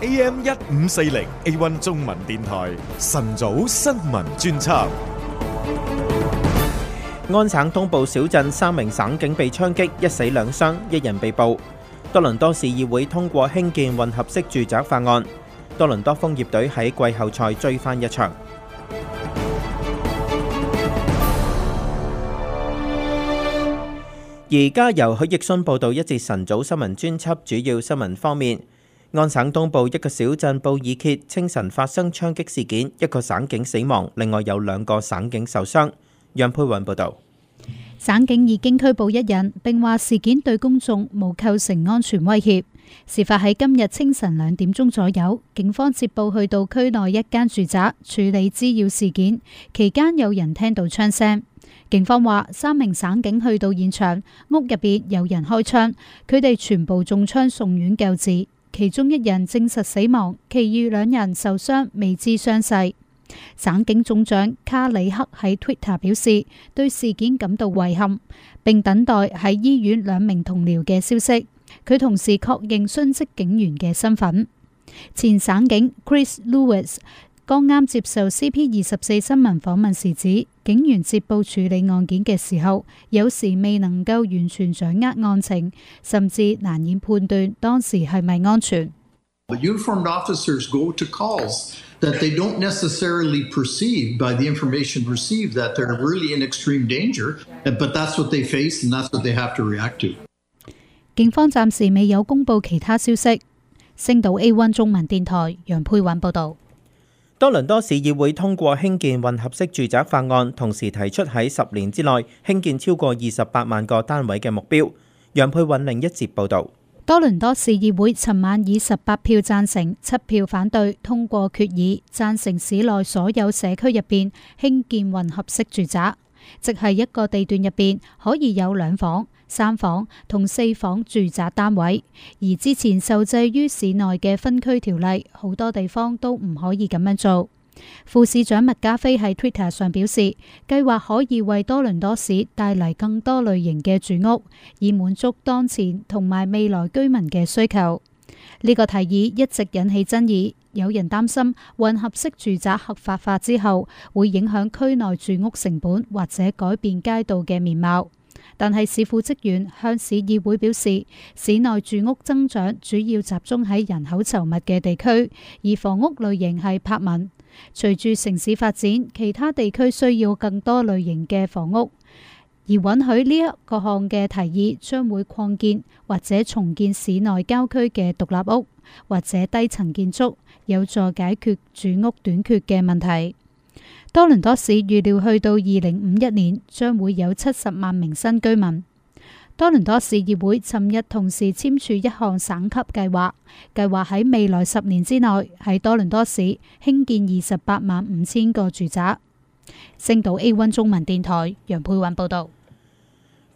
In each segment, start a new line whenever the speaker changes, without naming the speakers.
AM 一五四零 A1 中文電台晨早新聞專輯。
安省東部小鎮三名省警被槍擊，一死兩傷，一人被捕。多倫多市議會通過興建混合式住宅法案。多倫多楓葉隊喺季後賽追翻一場。而家由許奕迅報道一節晨早新聞專輯，主要新聞方面。安省東部一個小鎮布爾揭清晨發生槍擊事件，一個省警死亡，另外有兩個省警受傷。楊佩雲報道，
省警已經拘捕一人，並話事件對公眾冇構成安全威脅。事發喺今日清晨兩點鐘左右，警方接報去到區內一間住宅處理滋擾事件，期間有人聽到槍聲。警方話，三名省警去到現場，屋入邊有人開槍，佢哋全部中槍，送院救治。其中一人證實死亡，其餘兩人受傷，未知傷勢。省警總長卡里克喺 Twitter 表示，對事件感到遺憾，並等待喺醫院兩名同僚嘅消息。佢同時確認殉職警員嘅身份。前省警 Chris Lewis。剛啱接受 C.P. 二十四新聞訪問時指，指警員接報處理案件嘅時候，有時未能夠完全掌握案情，甚至難以判斷當時係咪安
全。警方
暫時未有公布其他消息。星島 A o 中文電台楊佩允報道。
多倫多市議會通過興建混合式住宅法案，同時提出喺十年之內興建超過二十八萬個單位嘅目標。楊佩韻另一節報導，
多倫多市議會尋晚以十八票贊成、七票反對通過決議，贊成市內所有社區入邊興建混合式住宅，即係一個地段入邊可以有兩房、三房同四房住宅單位，而之前受制於市內嘅分區條例，好多地方都唔可以咁樣做。副市長麥家輝喺 Twitter 上表示，計劃可以為多倫多市帶嚟更多類型嘅住屋，以滿足當前同埋未來居民嘅需求。呢個提議一直引起爭議，有人擔心混合式住宅合法化之後會影響區內住屋成本，或者改變街道嘅面貌。但係市府職員向市議會表示，市內住屋增長主要集中喺人口稠密嘅地區，而房屋類型係柏文。隨住城市發展，其他地區需要更多類型嘅房屋，而允許呢一個項嘅提議將會擴建或者重建市內郊區嘅獨立屋或者低層建築，有助解決住屋短缺嘅問題。多倫多市預料去到二零五一年，將會有七十萬名新居民。多倫多市議會尋日同時簽署一項省級計劃，計劃喺未來十年之內喺多倫多市興建二十八萬五千個住宅。星島 A1 中文電台楊佩雲報道。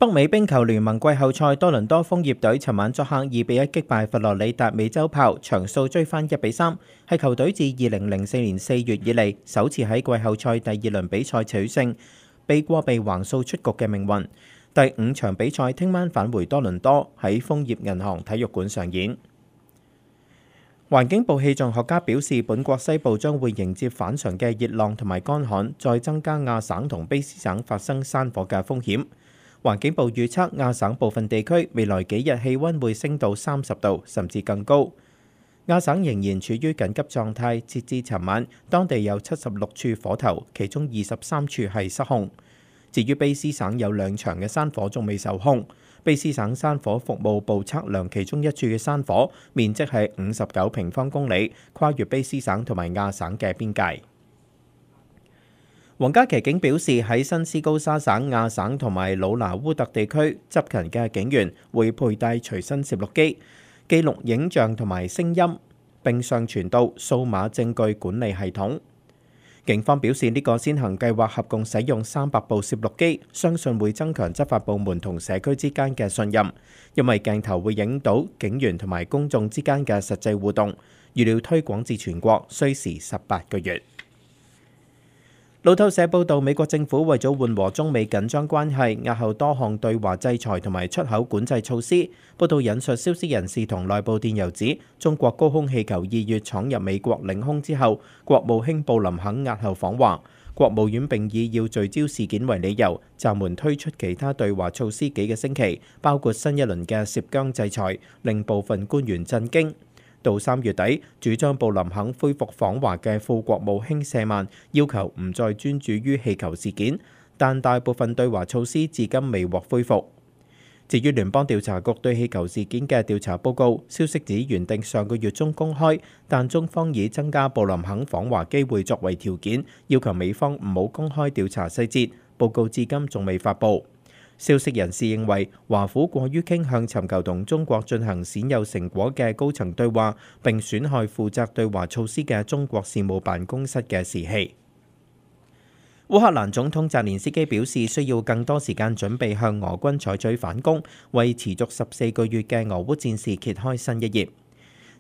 北美冰球聯盟季後賽，多倫多楓葉隊尋晚作客，二比一擊敗佛羅里達美洲豹，場數追翻一比三，係球隊自二零零四年四月以嚟首次喺季後賽第二輪比賽取勝，避過被橫掃出局嘅命運。第五場比賽聽晚返回多倫多，喺楓葉銀行體育館上演。環境部氣象學家表示，本國西部將會迎接反常嘅熱浪同埋乾旱，再增加亞省同卑詩省發生山火嘅風險。環境部預測亞省部分地區未來幾日氣温會升到三十度甚至更高。亞省仍然處於緊急狀態，截至尋晚，當地有七十六處火頭，其中二十三處係失控。至於卑詩省有兩場嘅山火仲未受控，卑詩省山火服務部測量其中一處嘅山火面積係五十九平方公里，跨越卑詩省同埋亞省嘅邊界。皇家騎警表示，喺新斯高沙省、亞省同埋魯拿烏特地區執勤嘅警員會佩戴隨身攝錄機，記錄影像同埋聲音，並上傳到數碼證據管理系統。警方表示，呢個先行計劃合共使用三百部攝錄機，相信會增強執法部門同社區之間嘅信任，因為鏡頭會影到警員同埋公眾之間嘅實際互動。預料推廣至全國需時十八個月。路透社報道，美國政府為咗緩和中美緊張關係，押後多項對華制裁同埋出口管制措施。報道引述消息人士同內部電郵指，中國高空氣球二月闖入美國領空之後，國務卿布林肯押後訪華。國務院並以要聚焦事件為理由，暫緩推出其他對華措施幾個星期，包括新一輪嘅涉疆制裁，令部分官員震驚。到三月底，主張布林肯恢復訪華嘅副國務卿謝曼要求唔再專注於氣球事件，但大部分對華措施至今未獲恢復。至於聯邦調查局對氣球事件嘅調查報告，消息指原定上個月中公開，但中方以增加布林肯訪華機會作為條件，要求美方唔好公開調查細節。報告至今仲未發佈。消息人士認為，華府過於傾向尋求同中國進行鮮有成果嘅高層對話，並損害負責對華措施嘅中國事務辦公室嘅士氣。烏克蘭總統澤連斯基表示，需要更多時間準備向俄軍採取反攻，為持續十四個月嘅俄烏戰事揭開新一頁。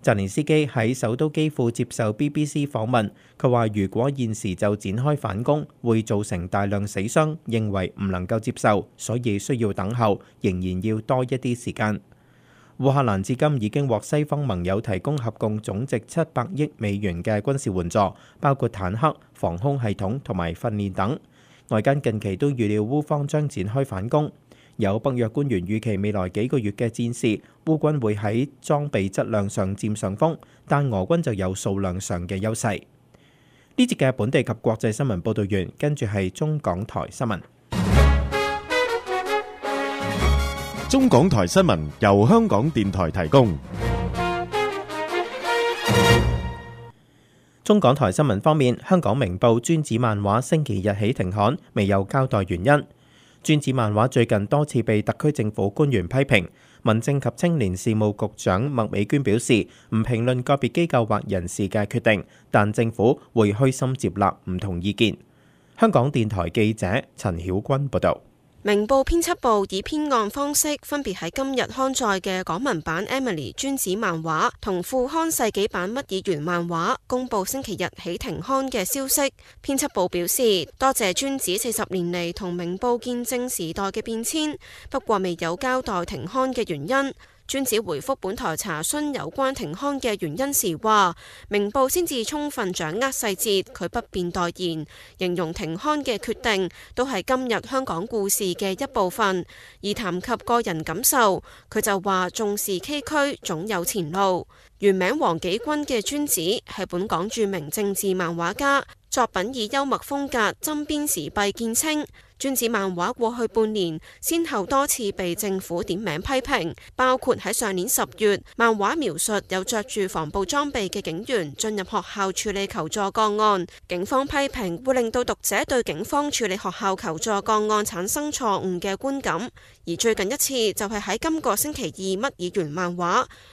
澤連斯基喺首都基輔接受 BBC 訪問，佢話如果現時就展開反攻，會造成大量死傷，認為唔能夠接受，所以需要等候，仍然要多一啲時間。烏克蘭至今已經獲西方盟友提供合共總值七百億美元嘅軍事援助，包括坦克、防空系統同埋訓練等。外間近期都預料烏方將展開反攻。有北約官員預期未來幾個月嘅戰事，烏軍會喺裝備質量上占上風，但俄軍就有數量上嘅優勢。呢節嘅本地及國際新聞報道員，跟住係中港台新聞。中港台新聞由香港電台提供。中港台新聞方面，香港明報尊子漫畫星期日起停刊，未有交代原因。尊子漫畫最近多次被特區政府官員批評，民政及青年事務局長麥美娟表示唔評論個別機構或人士嘅決定，但政府會虛心接納唔同意見。香港電台記者陳曉君報導。
明報編輯部以編按方式，分別喺今日刊載嘅港文版《Emily》專子漫畫同副刊世紀版《乜議員》漫畫，公布星期日起停刊嘅消息。編輯部表示，多謝專子四十年嚟，同明報見證時代嘅變遷，不過未有交代停刊嘅原因。專子回復本台查詢有關停刊嘅原因時話，話明報先至充分掌握細節，佢不便代言，形容停刊嘅決定都係今日香港故事嘅一部分。而談及個人感受，佢就話重視崎嶇，總有前路。原名黃紀君嘅專子係本港著名政治漫畫家，作品以幽默風格針砭時弊見稱。尊子漫畫過去半年先後多次被政府點名批評，包括喺上年十月，漫畫描述有著住防暴裝備嘅警員進入學校處理求助個案，警方批評會令到讀者對警方處理學校求助個案產生錯誤嘅觀感，而最近一次就係喺今個星期二乜議員漫畫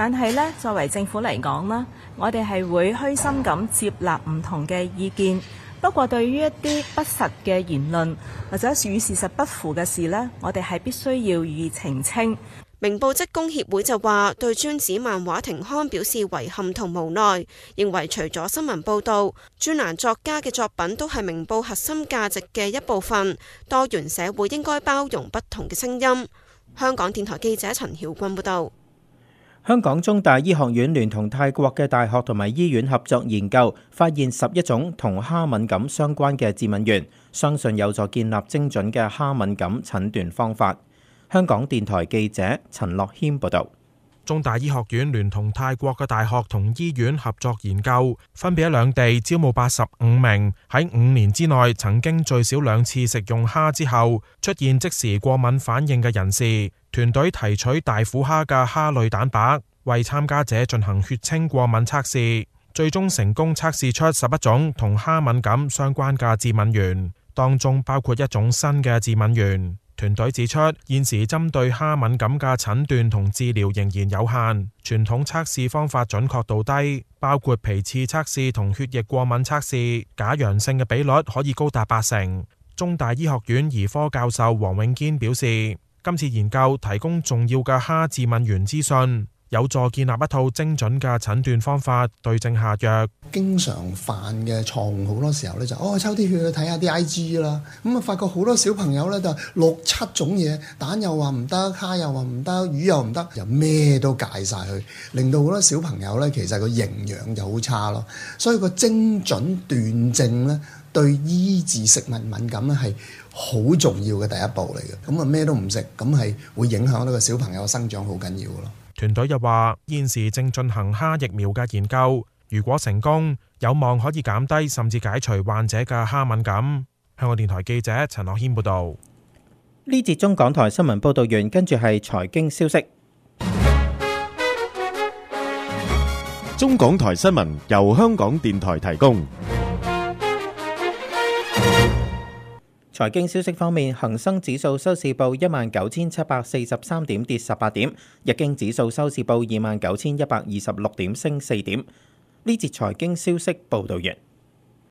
但係呢，作為政府嚟講啦，我哋係會虛心咁接納唔同嘅意見。不過對於一啲不實嘅言論或者與事實不符嘅事呢，我哋係必須要予以澄清。明報職工協會就話對尊子漫畫停刊表示遺憾同無奈，認為除咗新聞報導，專欄作家嘅作品都係明報核心價值嘅一部分。多元社會應該包容不同嘅聲音。香港電台記者陳曉君報導。
香港中大醫學院聯同泰國嘅大學同埋醫院合作研究，發現十一種同蝦敏感相關嘅致敏原，相信有助建立精準嘅蝦敏感診斷方法。香港電台記者陳樂謙報道：
中大醫學院聯同泰國嘅大學同醫院合作研究分別，分別喺兩地招募八十五名喺五年之內曾經最少兩次食用蝦之後出現即時過敏反應嘅人士。團隊提取大虎蝦嘅蝦類蛋白，為參加者進行血清過敏測試，最終成功測試出十一種同蝦敏感相關嘅致敏原，當中包括一種新嘅致敏原。團隊指出，現時針對蝦敏感嘅診斷同治療仍然有限，傳統測試方法準確度低，包括皮刺測試同血液過敏測試，假陽性嘅比率可以高達八成。中大醫學院兒科教授黃永堅表示。今次研究提供重要嘅蝦致敏原資訊，有助建立一套精準嘅診斷方法，對症下藥。經常犯嘅錯誤好多時候咧，就哦
抽啲血去睇下啲 IG 啦，咁、嗯、啊發覺好多小朋友咧，就六七種嘢蛋又話唔得，蝦又話唔得，魚又唔得，就咩都戒晒佢，令到好多小朋友咧，其實個營養就好差咯。所以個精準斷症咧，對醫治食物敏感咧係。好重要嘅第一步嚟嘅，咁啊咩都唔食，咁係會影響到個小朋友生長好緊要咯。
團隊又話，現時正進行蝦疫苗嘅研究，如果成功，有望可以減低甚至解除患者嘅蝦敏感。香港電台記者陳樂謙報道。
呢節中港台新聞報道完，跟住係財經消息。中港台新聞由香港電台提供。財經消息方面，恒生指數收市報一萬九千七百四十三點，跌十八點；日經指數收市報二萬九千一百二十六點，升四點。呢節財經消息報道完。